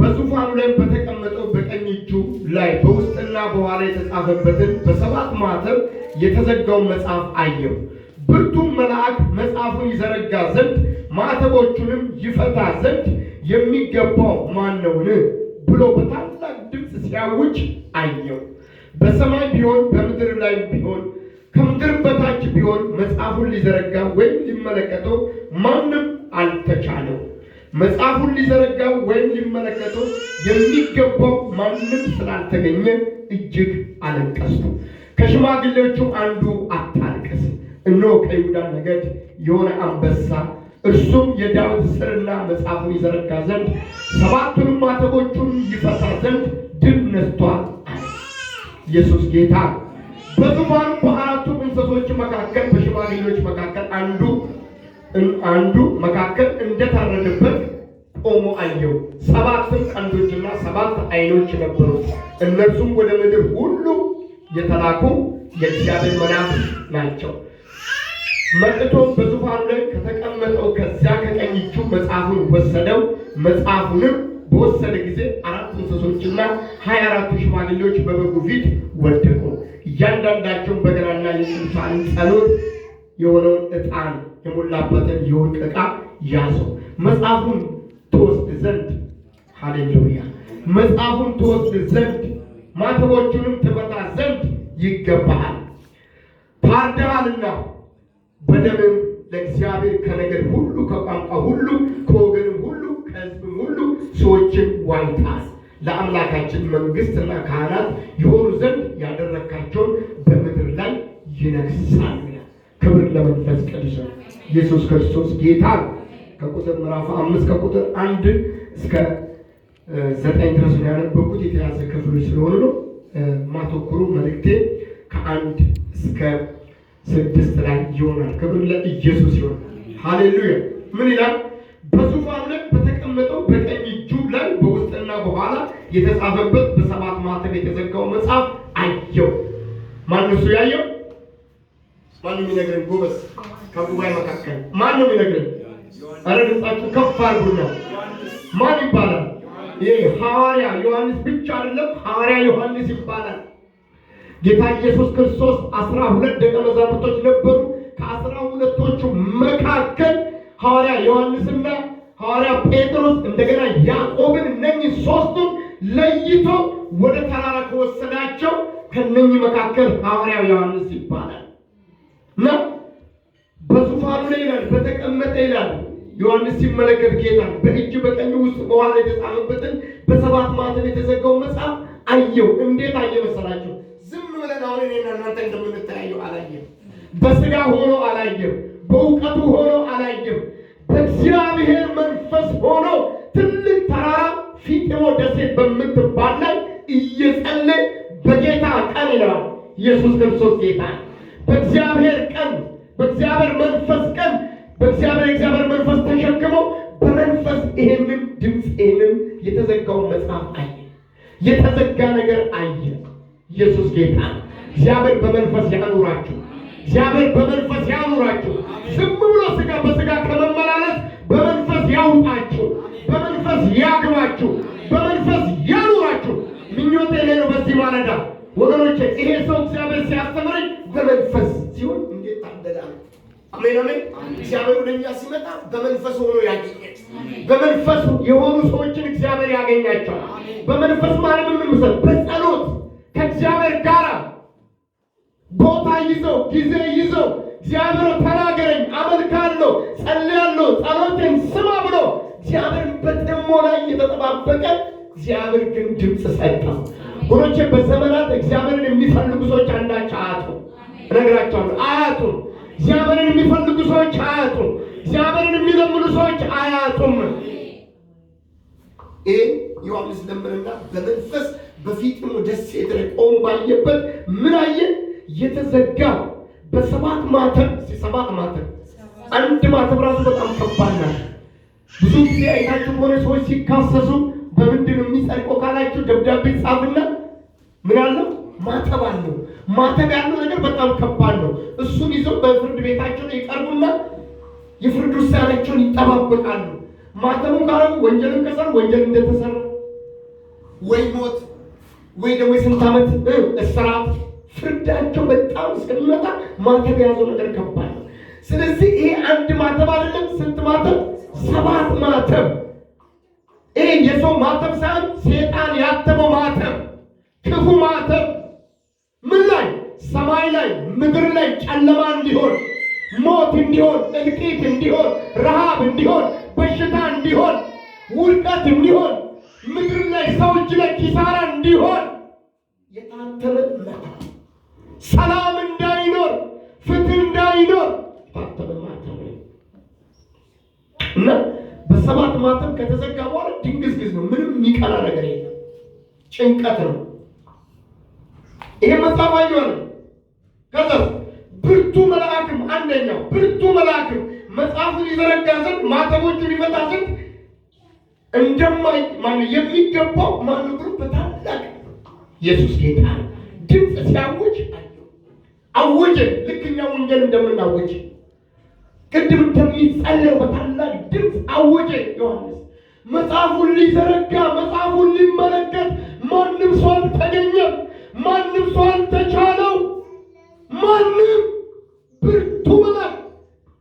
በዙፋኑ ላይ በተቀመጠው በቀኝ እጁ ላይ በውስጥና በኋላ የተጻፈበትን በሰባት ማኅተም የተዘጋውን መጽሐፍ አየው። ብርቱም መልአክ መጽሐፉን ይዘረጋ ዘንድ ማተቦቹንም ይፈታ ዘንድ የሚገባው ማን ነውን? ብሎ በታላቅ ድምፅ ሲያውጅ አየው። በሰማይ ቢሆን በምድር ላይ ቢሆን ከምድር በታች ቢሆን መጽሐፉን ሊዘረጋ ወይም ሊመለከተው ማንም አልተቻለው። መጽሐፉን ሊዘረጋው ወይም ሊመለከተው የሚገባው ማንም ስላልተገኘ እጅግ አለቀሱ። ከሽማግሌዎቹ አንዱ አታልቅስ፣ እነሆ ከይሁዳ ነገድ የሆነ አንበሳ እርሱም የዳዊት ስርና መጽሐፉን ይዘረጋ ዘንድ ሰባቱንም ማተቦቹን ይፈታ ዘንድ ድል ነስቷል አለ። ኢየሱስ ጌታ በዙፋኑ በአራቱ እንስሶች መካከል በሽማግሌዎች መካከል አንዱ አንዱ መካከል እንደታረደበት ቆሞ አየው። ሰባትም ቀንዶችና ሰባት አይኖች ነበሩት። እነርሱም ወደ ምድር ሁሉ የተላኩ የእግዚአብሔር መናፍስት ናቸው። መጥቶ በዙፋኑ ላይ ከተቀመጠው ከዚያ ከቀኝ እጁ መጽሐፉን ወሰደው። መጽሐፉንም በወሰደ ጊዜ አራት እንስሶችና ሀያ አራቱ ሽማግሌዎች በበጉ ፊት ወደቁ። እያንዳንዳቸውን በገናና የቅዱሳን ጸሎት የሆነውን ዕጣን የሞላበትን የወርቅ ዕቃ ያዘው። መጽሐፉን ትወስድ ዘንድ ሃሌሉያ፣ መጽሐፉን ትወስድ ዘንድ ማተቦቹንም ትፈታ ዘንድ ይገባሃል። ታርደሃልና በደምም ለእግዚአብሔር ከነገድ ሁሉ ከቋንቋ ሁሉ ከወገንም ሁሉ ከሕዝብም ሁሉ ሰዎችን ዋጅተሃል። ለአምላካችን መንግሥትና ካህናት የሆኑ ዘንድ ያደረካቸውን በምድር ላይ ይነግሳል። ክብር ለመንፈስ ቅዱስ። ኢየሱስ ክርስቶስ ጌታ ነው። ከቁጥር ምዕራፍ አምስት ከቁጥር አንድ እስከ ዘጠኝ ድረስ ነው ያነበብኩት። የተያዘ ክፍሎች ስለሆኑ ነው ማተኩሩ። መልእክቴ ከአንድ እስከ ስድስት ላይ ይሆናል። ክብር ለኢየሱስ ይሆናል። ሃሌሉያ። ምን ይላል? በዙፋኑ ላይ በተቀመጠው በቀኝ እጁ ላይ በውስጥና በኋላ የተጻፈበት በሰባት ማተብ የተዘጋው መጽሐፍ አየው። ማነው እሱ ያየው? ማነው የሚነግረን? ጎበዝ ከጉባኤ መካከል ማነው የሚነግረን? አረ ድምፃችሁ ከፍ አድርጉና ማን ይባላል? ይሄ ሐዋርያ ዮሐንስ ብቻ አይደለም፣ ሐዋርያ ዮሐንስ ይባላል። ጌታ ኢየሱስ ክርስቶስ አስራ ሁለት ደቀ መዛሙርቶች ነበሩ። ከአስራ ሁለቶቹ መካከል ሐዋርያ ዮሐንስና ሐዋርያ ጴጥሮስ እንደገና ያዕቆብን እነኚህ ሶስቱን ለይቶ ወደ ተራራ ከወሰዳቸው ከነኚህ መካከል ሐዋርያ ዮሐንስ ይባላል ነው። በዙፋኑ ላይ ይላል፣ በተቀመጠ ይላል ዮሐንስ ሲመለከት ጌታ በእጅ በቀኝ ውስጥ በኋላ የተጻፈበትን በሰባት ማኅተም የተዘጋው መጽሐፍ አየው። እንዴት አየ መሰላቸው? ዝም ብለን አሁን እኔና እናንተ እንደምንተያየው አላየም። በስጋ ሆኖ አላየም። በእውቀቱ ሆኖ አላየም። በእግዚአብሔር መንፈስ ሆኖ ትልቅ ተራራ ፊጥሞ ደሴት በምትባል ላይ እየጸለ በጌታ ቀን ይለዋል። ኢየሱስ ክርስቶስ ጌታ በእግዚአብሔር ቀን በእግዚአብሔር መንፈስ ቀን በእግዚአብሔር እግዚአብሔር መንፈስ ተሸክሞ በመንፈስ ይሄንን ድምፅ ይሄንን የተዘጋውን መጽሐፍ አየ። የተዘጋ ነገር አየ። ኢየሱስ ጌታ እግዚአብሔር በመንፈስ ያኑራችሁ። እግዚአብሔር በመንፈስ ያኑራችሁ። ዝም ብሎ ስጋ በስጋ ከመመላለስ በመንፈስ ያውጣችሁ። በመንፈስ ያግባችሁ። በመንፈስ ያኑራችሁ። ምኞቴ ነው። በዚህ ማለዳ ወገኖቼ ይሄ ሰው እግዚአብሔር ሲያስተምረኝ በመንፈስ ሲሆን እንዴት ታደላለ አሜን አሜን። እግዚአብሔር ወደ እኛ ሲመጣ በመንፈስ ሆኖ ያገኘን በመንፈስ የሆኑ ሰዎችን እግዚአብሔር ያገኛቸው። በመንፈስ ማለት ምን መሰለህ? በጸሎት ከእግዚአብሔር ጋር ቦታ ይዘው ጊዜ ይዘው እግዚአብሔር ተናገረኝ፣ አመልካለሁ፣ ጸልያለሁ፣ ጸሎቴን ስማ ብሎ እግዚአብሔር በጥሞና እየተጠባበቀ እግዚአብሔር ግን ድምፅ ሰጠ። ወሮቼ በዘመናት እግዚአብሔርን የሚፈልጉ ሰዎች አንዳቸው አያጡ፣ እነግራቸዋለሁ አያጡ እግዚአብሔርን የሚፈልጉ ሰዎች አያጡም። እግዚአብሔርን የሚለምኑ ሰዎች አያጡም። ይህ ዮሐንስ ለምንና በመንፈስ በፊጥሞ ደስ ላይ ባየበት ምን አየ? የተዘጋው በሰባት ማተብ ሰባት ማተብ አንድ ማተብ ራሱ በጣም ከባድ ናት። ብዙ ጊዜ አይታችሁ ከሆነ ሰዎች ሲካሰሱ በምንድን ነው የሚጸድቀው ካላችሁ ደብዳቤ ጻፍና ምን አለው ማተብ አለው ማተብ ያለው ነገር በጣም ከባድ ነው። እሱን ይዘው በፍርድ ቤታቸው ይቀርቡና የፍርድ ውሳኔያቸውን ይጠባበቃሉ። ማተሙ ካሉ ወንጀልን ከሰሩ ወንጀል እንደተሰራ ወይ ሞት ወይ ደግሞ የስንት ዓመት እስራት ፍርዳቸው በጣም እስከሚመጣ ማተብ የያዘው ነገር ከባድ ነው። ስለዚህ ይሄ አንድ ማተብ አይደለም። ስንት ማተብ? ሰባት ማተብ። ይሄ የሰው ማተብ ሳይሆን ሴጣን ያተመው ማተብ፣ ክፉ ማተብ ምን ላይ ሰማይ ላይ ምድር ላይ ጨለማ እንዲሆን ሞት እንዲሆን እልቂት እንዲሆን ረሃብ እንዲሆን በሽታ እንዲሆን ውድቀት እንዲሆን ምድር ላይ ሰው እጅ ላይ ኪሳራ እንዲሆን የአንተ መጣ ሰላም እንዳይኖር ፍትህ እንዳይኖር እና በሰባት ማተም ከተዘጋ በኋላ ድንግዝግዝ ነው። ምንም የሚቀላ ነገር የለም። ጭንቀት ነው። ይህ መጽሐፍ አየሆነ ከዛስ ብርቱ መልአክም አንደኛው ብርቱ መልአክም መጽሐፉን ይዘረጋ ዘንድ ማተቦቹን ይፈታ ዘንድ እንደማይ ማነው የሚገባው ማን ብሎ በታላቅ ኢየሱስ ጌታ ድምፅ ሲያውጅ አወጀ። ልክ እኛ ወንጌል እንደምናወጅ ቅድም እንደሚጸለየው በታላቅ ድምፅ አወጀ። ዮሐንስ መጽሐፉን ሊዘረጋ መጽሐፉን ሊመለከት ማንም ሰው አልተገኘም። ማንም ሰው አልተቻለው። ማንም ብርቱ መላክ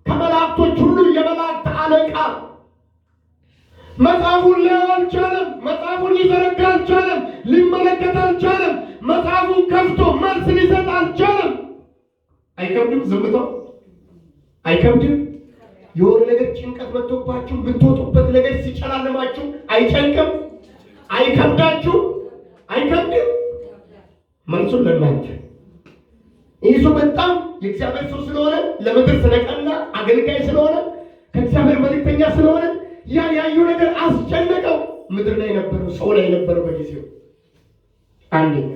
ከመላእክቶች ሁሉ የመላእክት አለቃ መጽሐፉን ሊያው አልቻለም። መጽሐፉን ሊዘረጋ አልቻለም። ሊመለከት አልቻለም። መጽሐፉን ከፍቶ መልስ ሊሰጥ አልቻለም። አይከብድም? ዝምታው አይከብድም? የሆነ ነገር ጭንቀት መጥቶባችሁ ብትወጡበት ነገር ሲጨላለማችሁ አይጨንቅም? አይከብዳችሁ? አይከብድም? መልሱን ለእናንተ ይህ በጣም የእግዚአብሔር ሰው ስለሆነ ለምድር ስለቀና አገልጋይ ስለሆነ ከእግዚአብሔር መልክተኛ ስለሆነ ያ ያዩ ነገር አስጨነቀው። ምድር ላይ ነበረ ሰው ላይ ነበረ በጊዜው አንደኛ።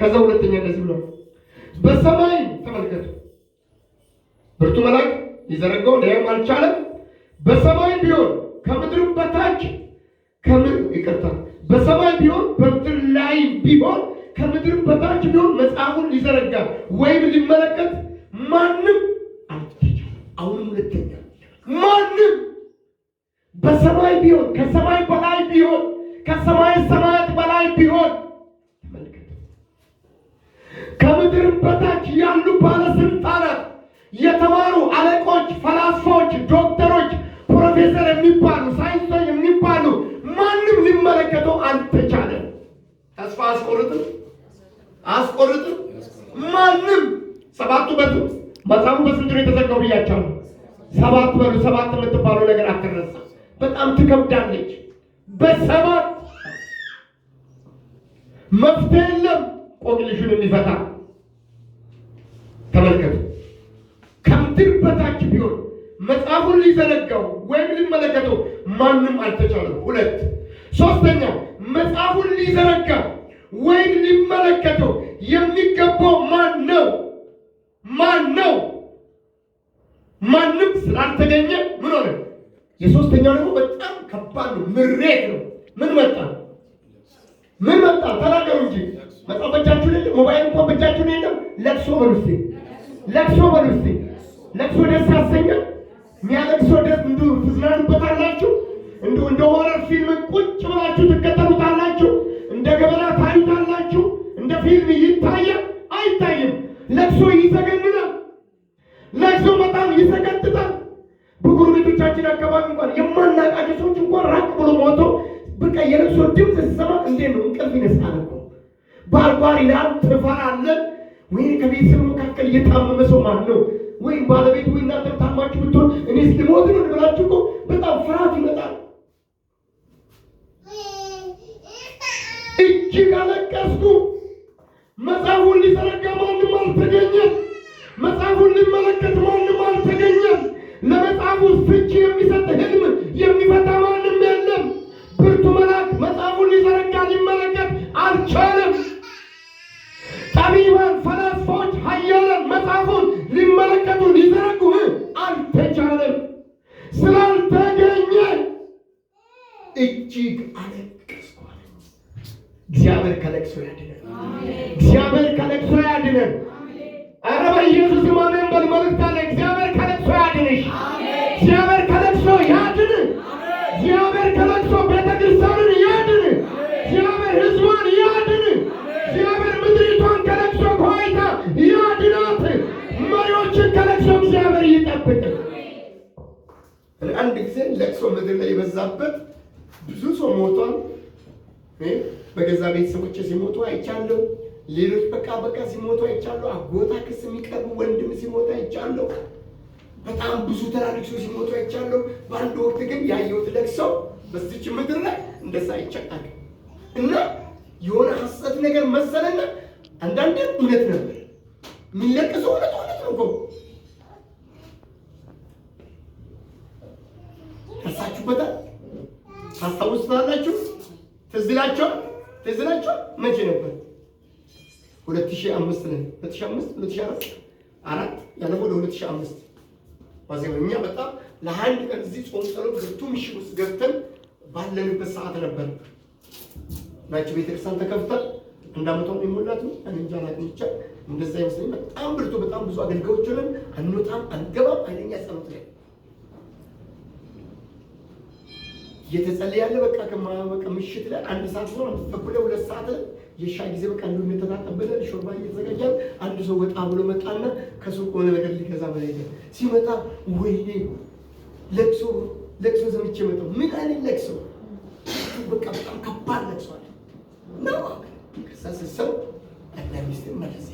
ከዛ ሁለተኛ እንደዚህ ብሎ በሰማይ ተመልከቱ፣ ብርቱ መልአክ ሊዘረጋው ሊያም አልቻለም። በሰማይ ቢሆን ከምድር በታች ከምድር ይቅርታ፣ በሰማይ ቢሆን በምድር ላይ ቢሆን ከምድር በታች ቢሆን መጽሐፉን ሊዘረጋ ወይም ሊመለከት ማንም አልተቻለም። አሁንም ሁለተኛ ማንም በሰማይ ቢሆን ከሰማይ በላይ ቢሆን ከሰማይ ሰማያት በላይ ቢሆን ተመልከት፣ ከምድርም በታች ያሉ ባለስልጣናት፣ የተማሩ አለቆች፣ ፈላስፎች፣ ዶክተሮች፣ ፕሮፌሰር የሚባሉ ሳይንሶች የሚባሉ ማንም ሊመለከተው አልተቻለም። ተስፋ አስቆርጥም። አያስቆርጥም። ማንም ሰባቱ በሉ መጽሐፉ በስንት ነው የተዘጋው ብያቸው። ሰባት በሉ ሰባት የምትባለው ነገር አትረሳ። በጣም ትከብዳለች። በሰባት መፍትሄ የለም ቆቅልሽን የሚፈታ ተመልከቱ። ከምድር በታች ቢሆን መጽሐፉን ሊዘነጋው ወይም ሊመለከተው ማንም አልተቻለም። ሁለት ሶስተኛ መጽሐፉን ሊዘነጋው ወይም ሊመለከተው የሚገባው ማን ነው? ማን ነው? ማንም ስላልተገኘ ምን ሆነ? የሶስተኛው ደግሞ በጣም ከባድ ነው፣ ምሬት ነው። ምን መጣ? ምን መጣ? ተናገሩ እንጂ መጣ። በእጃችሁ የለም፣ ሞባይል እንኳን በእጃችሁ የለም። ለቅሶ በሉስቴ፣ ለቅሶ በሉስቴ። ለቅሶ ደስ ያሰኛ የሚያለቅሶ ደስ እንዱ ትዝናኑበታላችሁ። እንዱ እንደ ሆረር ፊልም ቁጭ ብላችሁ ትከተሉታላችሁ። እንደ ገበና ታዩታላችሁ። እንደ ፊልም ይታያል አይታይም። ለቅሶ ይዘገንናል። ለቅሶ በጣም ይሰቀጥጣል። በጎረቤቶቻችን አካባቢ እንኳን የማናቃቸው ሰዎች እንኳን ራቅ ብሎ ሞቶ በቃ የለቅሶ ድምፅ ሲሰማ እንዴ ነው እንቅልፍ ይነሳል እኮ ባርባር ይላል። ትፈራለህ ወይ? ከቤተሰብ መካከል እየታመመ ሰው ማን ነው? ወይም ባለቤት ወይ እናንተ ታማችሁ ብትሆን እኔ እስኪሞት ነው ብላችሁ እኮ በጣም في فتحنا ሰዎችን ከለቅሶ እግዚአብሔር ይጠብቅ። አንድ ጊዜ ለቅሶ ምድር ላይ የበዛበት ብዙ ሰው ሞቷል። በገዛ ቤተሰቦች ሲሞቱ አይቻለሁ። ሌሎች በቃ በቃ ሲሞቱ አይቻለሁ። አጎታ ክስ የሚቀርቡ ወንድም ሲሞቱ አይቻለሁ። በጣም ብዙ ትላልቅ ሰው ሲሞቱ አይቻለሁ። በአንድ ወቅት ግን ያየሁት ለቅሶ በዚች ምድር ላይ እንደዛ አይቻልም እና የሆነ ሀሰት ነገር መሰለና አንዳንዴ እውነት ነበር የሚለቅሰው እውነት እውነት ነው አስባችሁበታል? ታስታውሱታላችሁ? ትዝ ይላችኋል? መቼ ነበር? 2005 ላይ 2005 2004 አራት ያለፈው ለ2005 ዋዜማ እኛ በጣም ለአንድ ቀን እዚህ ጾም ጸሎት ገብቶ ምሽት ውስጥ ገብተን ባለንበት ሰዓት ነበር። ናቸው ቤተክርስቲያን ተከፍታል። አንድ አመቷ የሞላት ነው። እንጃላት ብቻ እንደዛ ይመስለኝ። በጣም ብርቱ በጣም ብዙ አገልጋዮች ሆነን አንወጣም፣ አንገባም። ኃይለኛ ጸሎት ላይ እየተጸለየ ያለ በቃ በቃ ምሽት ላይ አንድ ሰዓት ሆኖ ተኩለ ሁለት ሰዓት የሻ ጊዜ በቃ እንዱ የተጣጠበለ ሾርባ እየተዘጋጃል። አንድ ሰው ወጣ ብሎ መጣና ከሱቅ ሆነ ነገር ሊገዛ መሄደ ሲመጣ ወይኔ ለቅሶ ለቅሶ ዘምቼ መጣሁ። ምን አይነት ለቅሶ በቃ በጣም ከባድ ለቅሶ አለ ነው። ከዛ ስሰው ጠቅላይ ሚኒስትር መለስ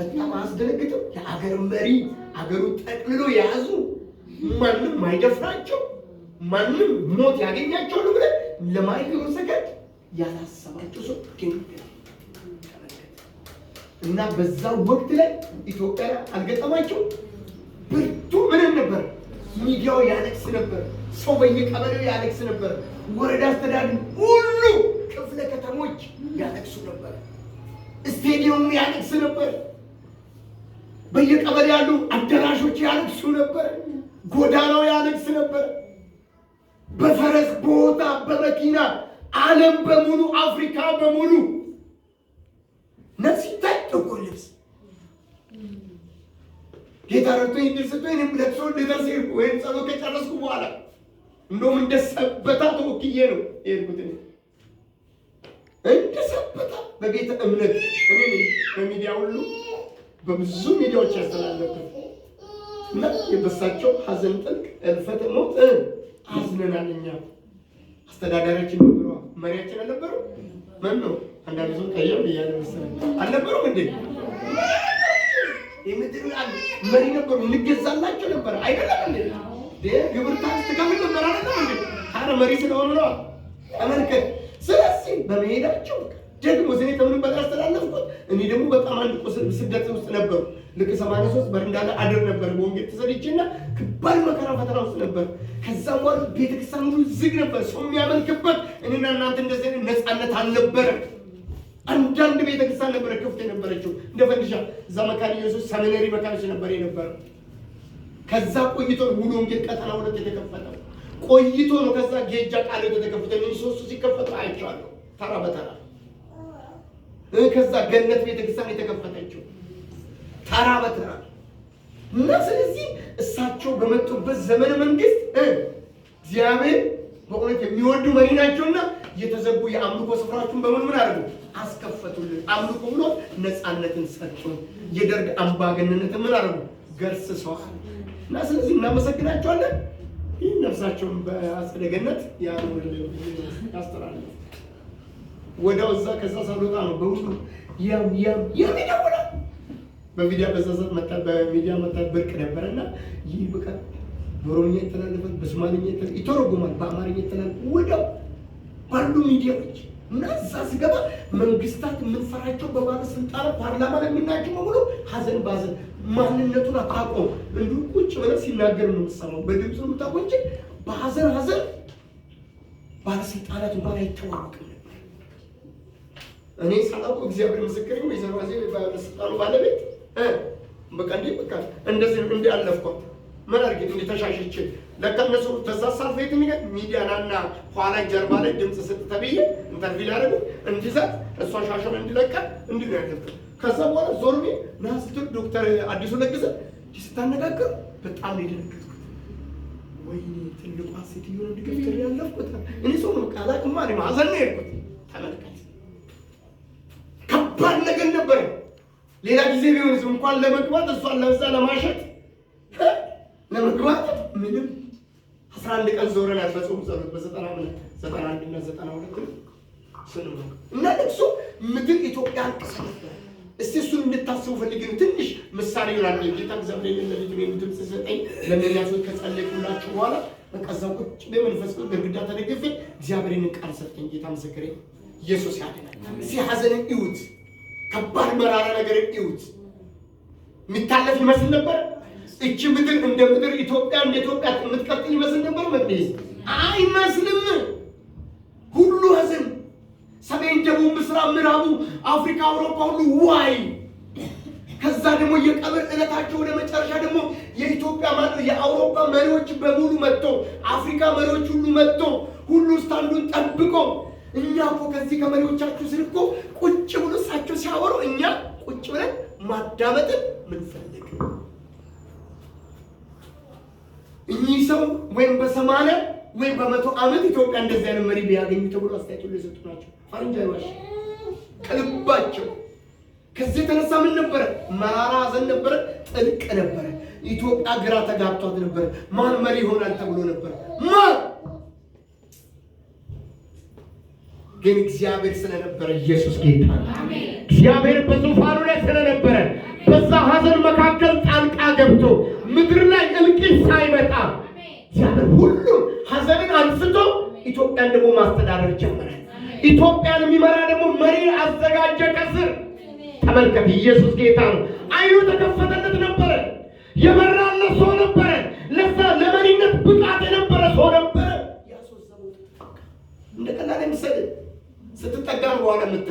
በጣም አስደነግጠው የአገር መሪ አገሩ ጠቅልሎ የያዙ ማንም አይደፍራቸው ማንም ሞት ያገኛቸውን ብለን ለማይክሮ ሰከንድ ያላሰባቸው ሰው ግን እና በዛ ወቅት ላይ ኢትዮጵያ አልገጠማቸው ብርቱ ምንም ነበር። ሚዲያው ያለቅስ ነበር። ሰው በየቀበሌው ያለቅስ ነበር። ወረዳ አስተዳደር ሁሉ ክፍለ ከተሞች ያለቅሱ ነበር። ስቴዲየሙ ያለቅስ ነበር። በየቀበሌ ያሉ አዳራሾች ያለቅሱ ነበር። ጎዳናው ያለቅስ ነበር። በፈረስ ቦታ በመኪና ዓለም በሙሉ አፍሪካ በሙሉ ነፍስ ይታይ ጥቁር ልብስ ጌታ ረድቶኝ ድርስቶኝ ለቅሶ ልደርስ ወይም ጸሎት ከጨረስኩ በኋላ እንደውም እንደ ሰበታ ተወክዬ ነው የሄድኩት። እንደ ሰበታ በቤተ እምነት እኔ በሚዲያ ሁሉ በብዙ ሚዲያዎች ያስተላለፍኩት እና የበሳቸው ሀዘን ጥልቅ እልፈት ሞት አዝነናል። እኛ አስተዳዳሪያችን ነበሩ፣ መሪያችን አልነበሩ። ምን ነው አንዳንድ ሰው ቀየም እያለ መሰለኝ አልነበሩም እንዴ? የምድር መሪ ነበሩ፣ እንገዛላቸው ነበር አይደለም እንዴ? ግብር ታክስ ነበር አይደለም እንዴ? ታዲያ መሪ ስለሆኑ ነው። ተመልከት። ስለዚህ በመሄዳቸው ደግሞ ዘኔ ከምንም በላይ አስተላለፍኩት። እኔ ደግሞ በጣም አንድ ስደት ውስጥ ነበሩ። ልክ 83 በረንዳ ላይ አድር ነበር። ወንጌል ተሰድቼና ከባድ መከራ ፈተና ውስጥ ነበር። ከዛ በኋላ ቤተክርስቲያን ሁሉ ዝግ ነበር፣ ሰው የሚያመልክበት። እኔና እናንተ እንደዚህ ነፃነት አልነበረ። አንዳንድ ቤተክርስቲያን ነበረ ክፍት የነበረችው እንደ ፈንድሻ። እዛ መካነ ኢየሱስ ሰሚነሪ መካነች ነበር የነበረ። ከዛ ቆይቶ ሙሉ ወንጌል ቀጠና ሁለት የተከፈተው ቆይቶ ነው። ከዛ ጌጃ ቃል የተከፈተ ሶስቱ ሲከፈቱ አይቼዋለሁ ተራ በተራ። ከዛ ገነት ቤተክርስቲያን የተከፈተችው ታራበት ናት እና ስለዚህ እሳቸው በመጡበት ዘመነ መንግስት እግዚአብሔር በእውነት የሚወዱ መሪ ናቸውና የተዘጉ የአምልኮ ስፍራዎችን በምን ምን አድርጉ አስከፈቱልን። አምልኮ ብሎ ነፃነትን ሰጡን። የደርግ አምባገነነት ምን አድርጉ ገርስሰዋል። እና ስለዚህ እናመሰግናቸዋለን። ይህ ነፍሳቸውን በአጸደ ገነት ያስተላለ እዛ ከዛ ሳልወጣ ነው በሁሉ ያም ያም ይደውላል በሚዲያ በዛዛት መጣ በሚዲያ መጣ ብርቅ ነበር ይህ በቃ በኦሮምኛ ይተላለፋል፣ በሶማልኛ ይተላለፋል፣ ይተረጎማል፣ በአማርኛ ይተላለፋል። ወዲያው ባሉ ሚዲያዎች እና እዛ ስገባ መንግስታት የምንፈራቸው በባለስልጣን ፓርላማ ላይ የምናያቸው በሙሉ ሀዘን ባዘን ማንነቱን አታውቀውም። እንዲሁ ቁጭ ብለ ሲናገር ነው የምትሰማው፣ በድምፅ የምታውቀው እንጂ በሀዘን ሀዘን ባለስልጣናት እንኳን አይተዋወቅም ነበር። እኔ ሳላውቀው እግዚአብሔር ምስክር ነው የዘራዜ ባለስልጣኑ ባለቤት በቃ እንዲ በቃ እንደዚህ እንዲ አለፍኳት። ምን አድርጌ እንዲ ተሻሽቼ ለካ እነሱ በዛ ቤት የሚገ ሚዲያናና ኋላ ጀርባ ላይ ድምፅ ስጥ ተብዬ ኢንተርቪው ሊያደርጉ እንዲሰጥ እሷ ሻሸን እንዲለቀ እንዲ ነው ያደርግ። ከዛ በኋላ ዞርሜ ና ስትል ዶክተር አዲሱ ለግሰ ስታነጋግር በጣም የደነገጥኩት ወይኔ ትልቋ ሴትዮ ነው ሊገፍትር ያለፍኩት። እኔ ሰው ነው ቃላቅማ ማዘን ነው የሄድኩት። ተመልከት ከባድ ነገር ነበረ። ሌላ ጊዜ ቢሆንስ እንኳን ለመግባት እሷን ለብሳ ለማሸት ለመግባት ምንም አስራ አንድ ቀን ዞረን ያልፈጽሙ ጸሎት በዘጠና ዘጠና አንድ እና ዘጠና ሁለት እና ልቅሶ ምድር ኢትዮጵያ አንቅስ ነበር። እስቲ እሱን እንድታስቡ ፈልግን ትንሽ ምሳሌ ይላል ጌታ እግዚአብሔር ለልጅ ድምፅ ሰጠኝ ለሚያሶች ከጸለይኩላችሁ በኋላ በቃ እዛው ቁጭ በመንፈስ ግድግዳ ተደግፌ እግዚአብሔርን ቃል ሰጠኝ። ጌታ ምስክሬ ኢየሱስ ያድናል። ሲሐዘንን እዩት ከባድ መራራ ነገር እዩት። የሚታለፍ ይመስል ነበር። እቺ ምድር እንደ ምድር ኢትዮጵያ እንደ ኢትዮጵያ የምትቀጥል ይመስል ነበር። መቅደስ አይመስልም። ሁሉ ህዝብ ሰሜን፣ ደቡብ፣ ምስራቅ፣ ምዕራቡ፣ አፍሪካ፣ አውሮፓ ሁሉ ዋይ። ከዛ ደግሞ የቀብር እለታቸው ወደ መጨረሻ ደግሞ የኢትዮጵያ ማ የአውሮፓ መሪዎች በሙሉ መጥቶ አፍሪካ መሪዎች ሁሉ መጥቶ ሁሉ ስታንዱን ጠብቆ እኛ እኮ ከዚህ ከመሪዎቻችሁ ስር እኮ ቁጭ ብሎ እሳቸው ሲያወሩ እኛ ቁጭ ብለን ማዳመጥን ምንፈልግ እኚህ ሰው ወይም በሰማነ ወይም በመቶ ዓመት ኢትዮጵያ እንደዚህ አይነት መሪ ቢያገኙ ተብሎ አስተያየት የሰጡ ናቸው። ፈረንጅ ከልባቸው። ከዚህ የተነሳ ምን ነበረ? መራራ ሐዘን ነበረ፣ ጥልቅ ነበረ። ኢትዮጵያ ግራ ተጋብቷት ነበረ። ማን መሪ ይሆናል ተብሎ ነበረ ማን ግን እግዚአብሔር ስለነበረ ኢየሱስ ጌታ እግዚአብሔር በዙፋኑ ላይ ስለነበረ በዛ ሀዘን መካከል ጣልቃ ገብቶ ምድር ላይ እልቂት ሳይመጣ እግዚአብሔር ሁሉም ሀዘንን አንስቶ ኢትዮጵያን ደግሞ ማስተዳደር ጀመረ። ኢትዮጵያን የሚመራ ደግሞ መሪ አዘጋጀ ከስር። ተመልከት፣ ኢየሱስ ጌታ ነው። አይኑ ተከፈተለት ነበረ የመራ ስትጠጋም በኋላ ምተ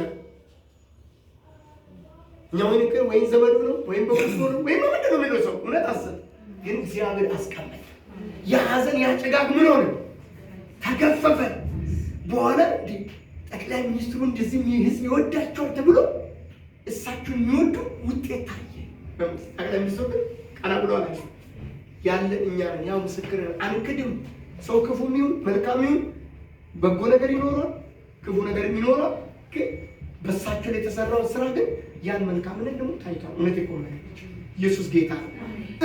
እኛ ወይ ንክር ወይም ዘመዱ ነው ወይም በቁሱ ነው ወይም በምንድን ነው የሚለው ሰው እውነት አስብ። ግን እግዚአብሔር አስቀመጠ። የሀዘን ያጨጋግ ምን ሆነ? ተገፈፈ። በኋላ እንዲ ጠቅላይ ሚኒስትሩ እንደዚህ ህዝብ ይወዳቸዋል ተብሎ እሳቸውን የሚወዱ ውጤት ታየ። ጠቅላይ ሚኒስትሩ ግን ቀና ብሎ አላቸው ያለ እኛ ያው ምስክር አንክድም። ሰው ክፉ ይሁን መልካም ይሁን በጎ ነገር ይኖራል ክፉ ነገር የሚኖረው ግን በእሳቸው ላይ የተሰራው ስራ ግን ያን መልካምነት ደግሞ ታይቷል። እውነት የቆመ ኢየሱስ ጌታ ነው።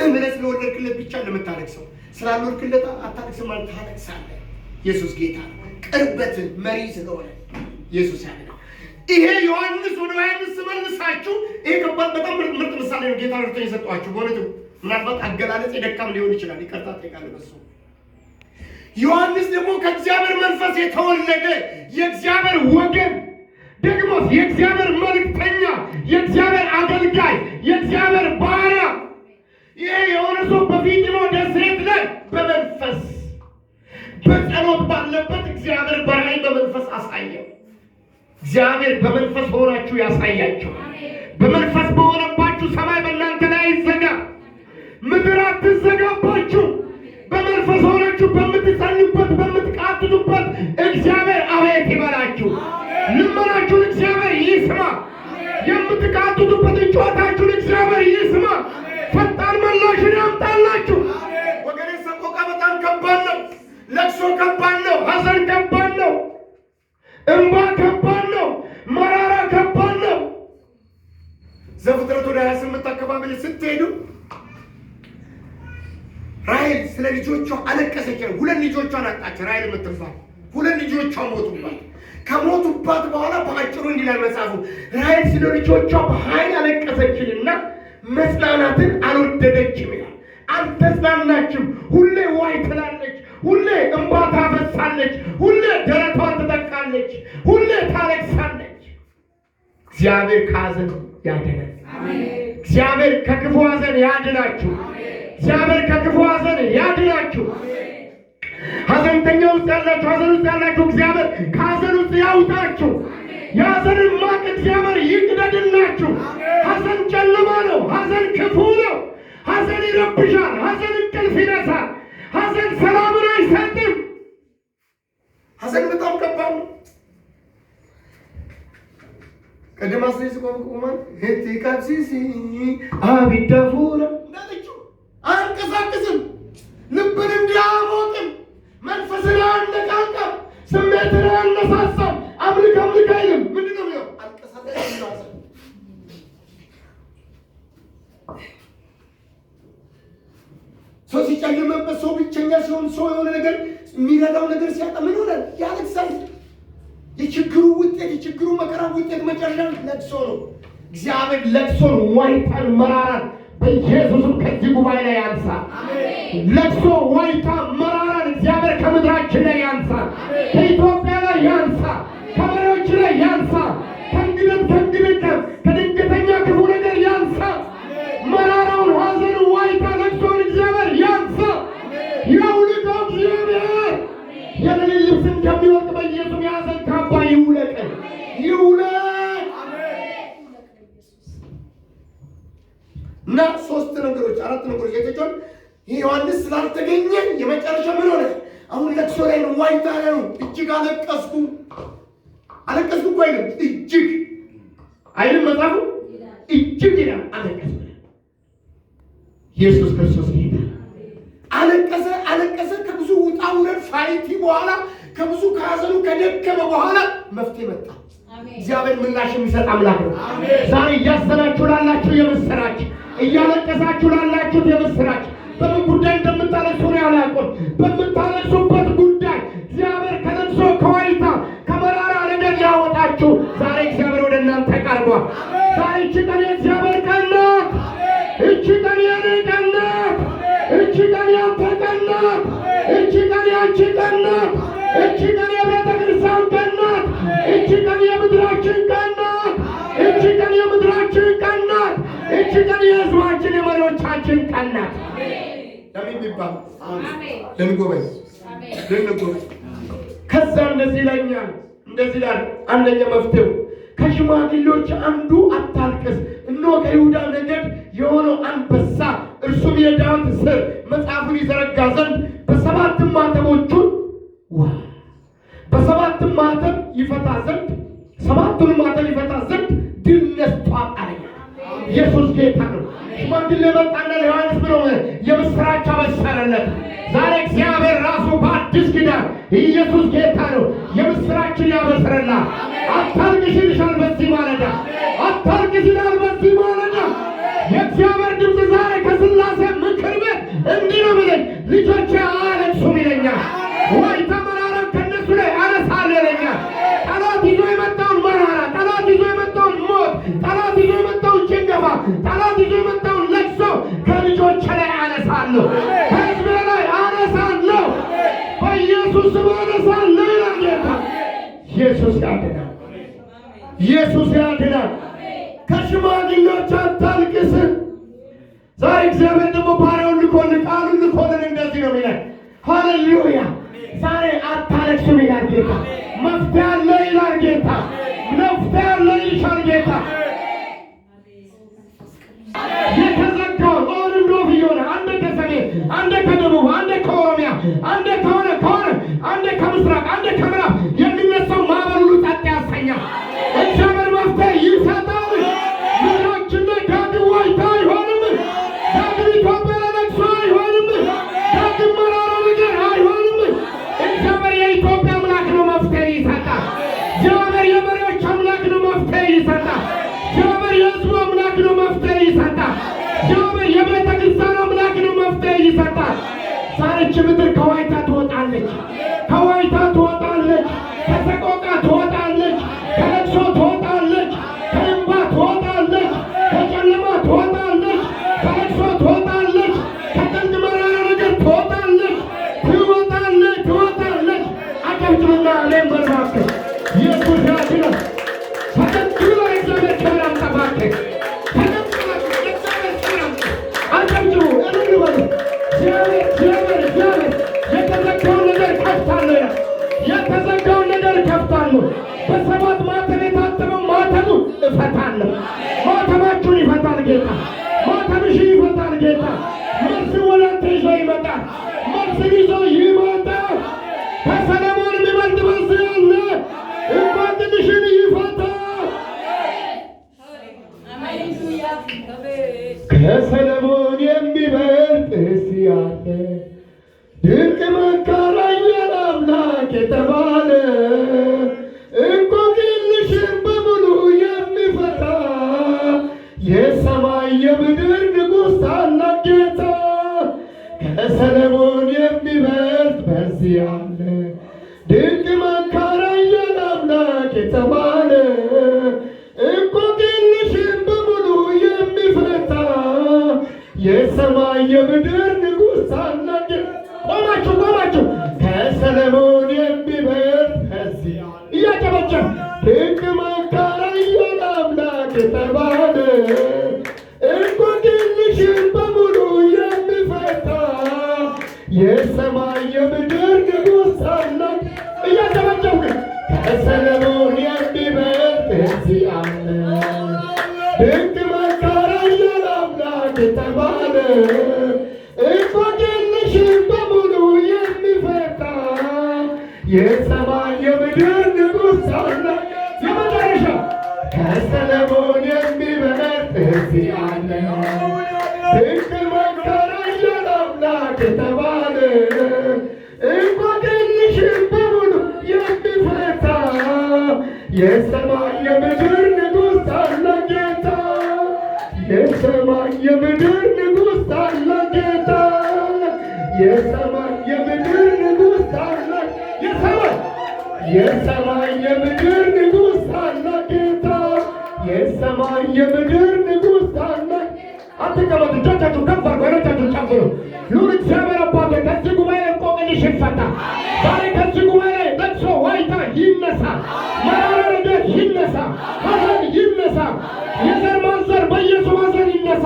እምነት ለወደድክለት ብቻ ለምታለቅ ሰው ስላልወልክለት አታለቅስ ማለት ታለቅሳለህ። ኢየሱስ ጌታ ነው። ቅርበትን መሪ ስለሆነ ኢየሱስ ያለ ነው። ይሄ ዮሐንስ ወደ ዮሐንስ መልሳችሁ ይሄ ከባድ በጣም ምርጥ ምሳሌ ነው። ጌታ ርቶ የሰጠኋችሁ በእውነት ምናልባት አገላለጽ የደካም ሊሆን ይችላል። ይቅርታ ጠይቃለሁ በሱ ዮሐንስ ደግሞ ከእግዚአብሔር መንፈስ የተወለደ የእግዚአብሔር ወገን ደግሞ የእግዚአብሔር መልእክተኛ፣ የእግዚአብሔር አገልጋይ፣ የእግዚአብሔር ባሪያ። ይሄ የሆነ ሰው በፊጥሞ ደሴት ላይ በመንፈስ በጸሎት ባለበት እግዚአብሔር በራእይ በመንፈስ አሳየው። እግዚአብሔር በመንፈስ በሆናችሁ ያሳያቸው። በመንፈስ በሆነባችሁ ሰማይ በእናንተ ላይ ይዘጋ፣ ምድር አትዘጋባችሁ። አለች ራሔል የምትባል ሁለት ልጆቿ ሞቱባት። ከሞቱባት በኋላ በአጭሩ እንዲላይ መጽሐፉ ራይል ስለ ልጆቿ በኃይል አለቀሰችንና መጽናናትን አልወደደችም ይላል። አልተጽናናችም። ሁሌ ዋይ ትላለች፣ ሁሌ እንባ ታፈሳለች፣ ሁሌ ደረቷን ትጠቃለች፣ ሁሌ ታለቅሳለች። እግዚአብሔር ከሐዘን ያድነን። እግዚአብሔር ከክፉ ሐዘን ያድናችሁ። እግዚአብሔር ከክፉ ሐዘን ያድናችሁ። ሐዘንተኛ ውስጥ ያላችሁ፣ ሐዘን ውስጥ ያላችሁ እግዚአብሔር ከሐዘን ውስጥ ያውጣችሁ። የሐዘንን ማቅ እግዚአብሔር ይቅደድላችሁ። ሐዘን ጨለማ ነው። ሐዘን ክፉ ነው። ሐዘን ይረብሻል። ሐዘን እንቅልፍ ይነሳል። ሐዘን ሰላምን አይሰጥም። ሐዘን በጣም ከባድ ነው። ቅድም አስሬስ ቆምቁማል ትቀብሲሲ አቢዳፉረ እንዳለችው አንቀሳቅስም ልብን እንዲያሞት መንፈስን አያነቃቃም፣ ስሜትን አነሳሳ አምልክ አምልክ አይልም። ምንድን ነው የሚለው? ሰው ሲጨልመበት፣ ሰው ብቸኛ ሲሆን፣ ሰው የሆነ ነገር የሚረዳው ነገር ሲያጣ ምን ይሆናል? ያለቅሳል። የችግሩ ውጤት የችግሩ መከራ ውጤት መጨረሻ ለቅሶ ነው። እግዚአብሔር ለቅሶን፣ ዋይታን፣ መራራን በኢየሱስም ከዚህ ጉባኤ ላይ ያንሳ። ለቅሶ ዋይታ መራ ከምድራችን ላይ ያንሳ፣ ከኢትዮጵያ ላይ ያንሳ፣ ከመሪዎች ላይ ያንሳ፣ ከእንግልት ከእንግልት ከድንገተኛ ክፉ ነገር ያንሳ። መራራውን ሐዘን፣ ዋይታ፣ ለቅሶን እግዚአብሔር ያንሳ። የውልቀው እግዚአብሔር የምን ልብስን ከሚወልቅ በኢየሱስ ያዘን ካባ ይውለቅ ይውለቅ እና ሶስት ነገሮች አራት ነገሮች ጌቶችን ይህ ዮሐንስ ስላልተገኘ የመጨረሻ ምን ሆነ? አሁን ለቅሶ ላይ ነው፣ ዋይታ ላይ ነው። እጅግ አለቀስኩ አለቀስኩ እኮ አይልም፣ እጅግ አይልም መጽሐፉ እጅግ ይላል። አለቀሰ ኢየሱስ ክርስቶስ ጌታ አለቀሰ አለቀሰ። ከብዙ ውጣ ውረድ ፋይቲ በኋላ ከብዙ ከሀዘኑ ከደከመ በኋላ መፍትሄ መጣ። እግዚአብሔር ምላሽ የሚሰጥ አምላክ ነው። ዛሬ እያዘናችሁ ላላችሁ የምስራች፣ እያለቀሳችሁ ላላችሁት የምስራች። በምን ጉዳይ እንደምታለቅሱ ነው ያላቆን በምታለቅሱ ዛሬ እግዚአብሔር ወደ እናንተ ቀርቧል። ዛሬ እቺ ቀን የእግዚአብሔር ቀን ናት። እቺ ቀን የኔ ቀን ናት። እቺ ቀን ያንተ ቀን ናት። እቺ ቀን ያንቺ ቀን ናት። እቺ ቀን የቤተ ክርስቲያን ቀን ናት። እቺ ቀን የምድራችን ቀን ናት። እቺ ቀን የምድራችን ቀን ናት። እቺ ቀን የሕዝባችን የመሪዎቻችን ቀን ናት። ለምን ይባል ልንጎበዝ ከዛ እንደዚህ ይለኛል እንደዚህ ላል አንደኛ መፍትሄው ከሽማግሌዎች አንዱ አታልቅስ፣ እነሆ ከይሁዳ ነገድ የሆነው አንበሳ እርሱም የዳዊት ስር መጽሐፉን ይዘረጋ ዘንድ በሰባትም ማተቦቹን ዋ በሰባትም ማተብ ይፈታ ዘንድ ሰባቱን ማተብ ይፈታ ዘንድ ድል ነስቷል አለኝ ኢየሱስ ጌታ యేసుగాడిన యేሱጋዲና ከሽማግሌ አታልቅስ። ዛሬ እግዚአብሔር ደግሞ ባሪያውን ልኮልን ቃሉን ልኮልን እንደዚህ ነው ይላል። ሃሌሉያ ዛሬ አታለቅስም ይላል ጌታ። መፍትሄ አለ ይላል ጌታ። መፍትሄ አለ ይሻል ጌታ። የተዘጋው ኦልዶ ቢሆን አንደ ከሰሜን አንደ ከደቡብ አንደ ከኦሮሚያ አንደ ከሆነ ከሆነ አንደ ከምስራቅ አንደ ከምዕራብ የሚ እግዚአብሔር የቤተ ክርስቲያን አምላክ ነው፣ መፍትሄ ይሰጣል። ዛሬች ምድር ከዋይታ ትወጣለች፣ ከዋይታ ትወጣለች፣ ከሰቆቃ ትወጣለች። que ese demonio en mi mente se hace Thank you. ይፈታ። ዛሬ ከዚህ ጉባኤ ለቅሶ፣ ዋይታ ይነሳ። መራራ ረገት ይነሳ። ሐዘን ይነሳ። የዘር ማንዘር በኢየሱስ ማዘር ይነሳ።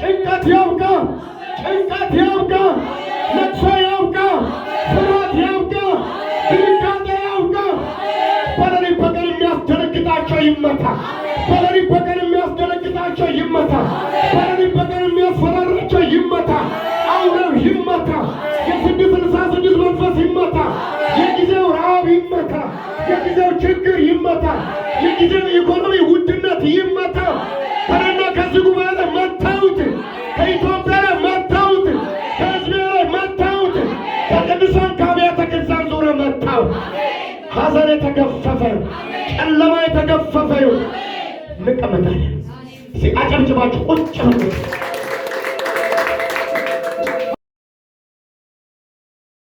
ጭንቀት ያብቃ፣ ጭንቀት ያብቃ፣ ለቅሶ ያብቃ፣ ፍርሃት ያብቃ፣ ድንጋጤ ያብቃ። በሌሊት በቀን የሚያስደነግጣቸው ይመታ፣ በሌሊት በቀን የሚያስደነግጣቸው ይመታ፣ በሌሊት በቀን የሚያስፈራራቸው ይመታ፣ አውሬው ይመታ፣ የስድስት ስልሳ ስድስት መንፈስ ይመታ፣ የጊዜው ረሃብ ይመታ፣ የጊዜው ችግር ይመታ፣ የጊዜው ኢኮኖሚ ውድነት ይመታ። የተፈታ፣ ሐዘን የተገፈፈ፣ ጨለማ የተገፈፈ ይሁን። እንቀመጣለን። አጨብጭባችሁ ቁጭ